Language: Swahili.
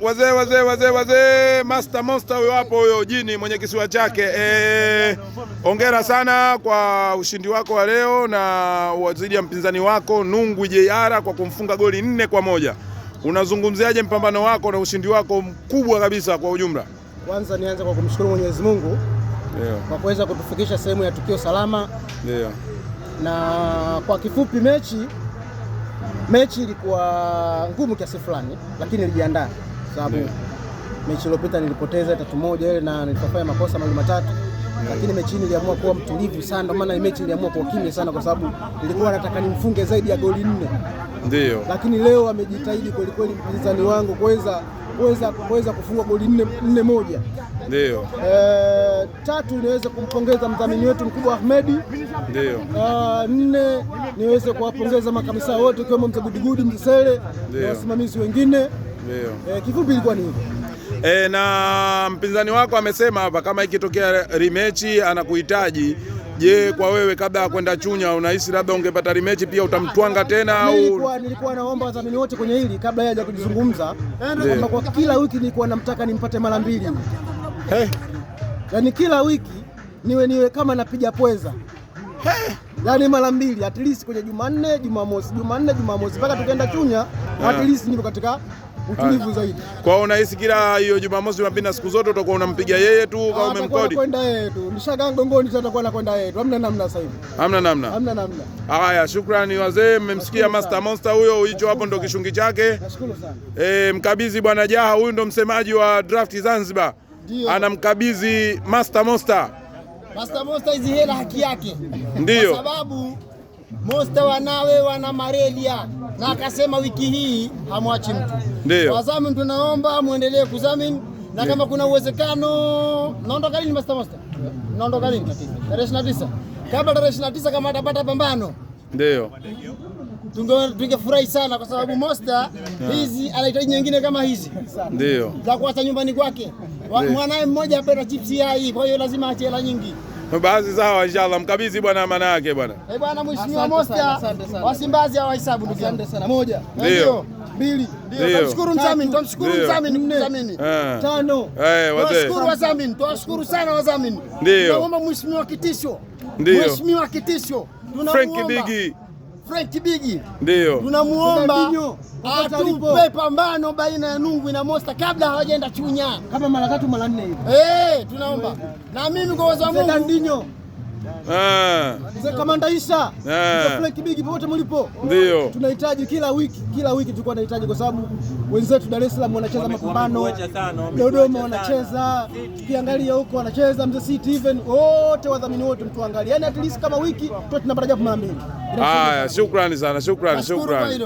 wazee wazee wazee wazee, master monster huyo hapo, huyo jini mwenye kisiwa chake. eh, ongera sana kwa ushindi wako wa leo na wazidi ya mpinzani wako Nungwi JR kwa kumfunga goli nne kwa moja. Unazungumziaje mpambano wako na ushindi wako mkubwa kabisa kwa ujumla? Kwanza nianze kwa kumshukuru Mwenyezi Mungu yeah, kwa kuweza kutufikisha sehemu ya tukio salama yeah. Na kwa kifupi mechi mechi ilikuwa ngumu kiasi fulani, lakini ilijiandaa sababu mechi iliyopita nilipoteza tatu moja ile na nilifanya makosa mawili matatu yeah. Lakini mechi hii niliamua kuwa mtulivu sana, ndio maana mechi niliamua kwa kimya sana, kwa sababu nilikuwa nataka nimfunge zaidi ya goli nne, ndio. Lakini leo amejitahidi kweli kweli mpinzani wangu kuweza kuweza kuweza kufunga goli nne, nne moja ndio. E, tatu niweze kumpongeza mdhamini wetu mkubwa Ahmedi ndio. E, nne niweze kuwapongeza makamisa wote ikiwemo mzee Gudigudi na wasimamizi wengine. Eh, kifupi ilikuwa ni hivyo. E, eh, na mpinzani wako amesema hapa kama ikitokea rimechi anakuhitaji, je, kwa wewe kabla ya kwenda Chunya unahisi labda ungepata rimechi pia utamtwanga tena au? Nilikuwa, nilikuwa naomba wadhamini wote kwenye hili kabla yeye haja eh, kwamba kwa kila wiki nilikuwa namtaka nimpate mara mbili hey. Yaani kila wiki niwe niwe kama napiga pweza hey. Yaani mara mbili at least kwenye Jumanne, Jumamosi, Jumanne, Jumamosi mpaka tukaenda Chunya yeah. At least niko katika utulivu zaidi. Kwa hiyo unahisi kila hiyo Jumamosi mapindi na siku zote utakuwa unampiga yeye tu au umemkodi? Kwenda yeye tu. Nishakaa gongoni sasa atakuwa anakwenda yeye tu. Hamna namna sasa hivi. Hamna namna. Hamna namna. Haya, shukrani wazee, mmemsikia Master Monster huyo hicho hapo ndo kishungi chake. Nashukuru sana. Eh, mkabidhi bwana Jaha huyu ndo msemaji wa Draft Zanzibar. Anamkabidhi Master Monster. Master Monster hizi hela haki yake. Ndio. Kwa sababu Monster wanawe wana marelia na akasema wiki hii hamwachi mtu. Ndio wazamini, tunaomba muendelee kuzamini na kama kuna uwezekano. Naondoka lini Master Master? Naondoka lini? tarehe 29. kabla tarehe 29 tisa kama atapata pambano ndio tungefurahi sana, kwa sababu Mosta hizi anahitaji nyingine kama hizi ndio za kuacha nyumbani kwake. Mwanaye mmoja apenda chipsi hii, kwa hiyo lazima aache hela nyingi baadhi zao inshallah, mkabidhi bwana amana yake bwana. Eh bwana, mheshimiwa Mosta wasimbazi hawahesabu ndugu yangu. Moja. Ndio. Mbili. Ndio. Tumshukuru mdhamini, tumshukuru mdhamini, mdhamini. Eh. Tano. Eh, wazee. Tumshukuru wadhamini, tumshukuru sana wadhamini. Ndio. Tunaomba mheshimiwa kitisho. Ndio. Mheshimiwa kitisho. Tunamwomba. Frank Bigi. Frank Bigi ndio tunamuomba atupe pambano baina ya Nungwi na Mosta kabla hawajaenda Chunya, kama mara tatu mara nne hivi. Eh, tunaomba na mimi kwa uwezo wa Mungu Eh. Mzee Kamanda Isa, eh. mzee Frank Big, popote mlipo, ndio tunahitaji kila wiki, kila wiki tulikuwa tunahitaji, kwa sababu wenzetu Dar es Salaam wanacheza mapambano, Dodoma wanacheza, tukiangalia huko wanacheza mzee City even wote wadhamini wote mtuangalie, yani at least kama wiki tu tunapata japo mara mbili. Haya, shukrani sana, shukrani, shukrani.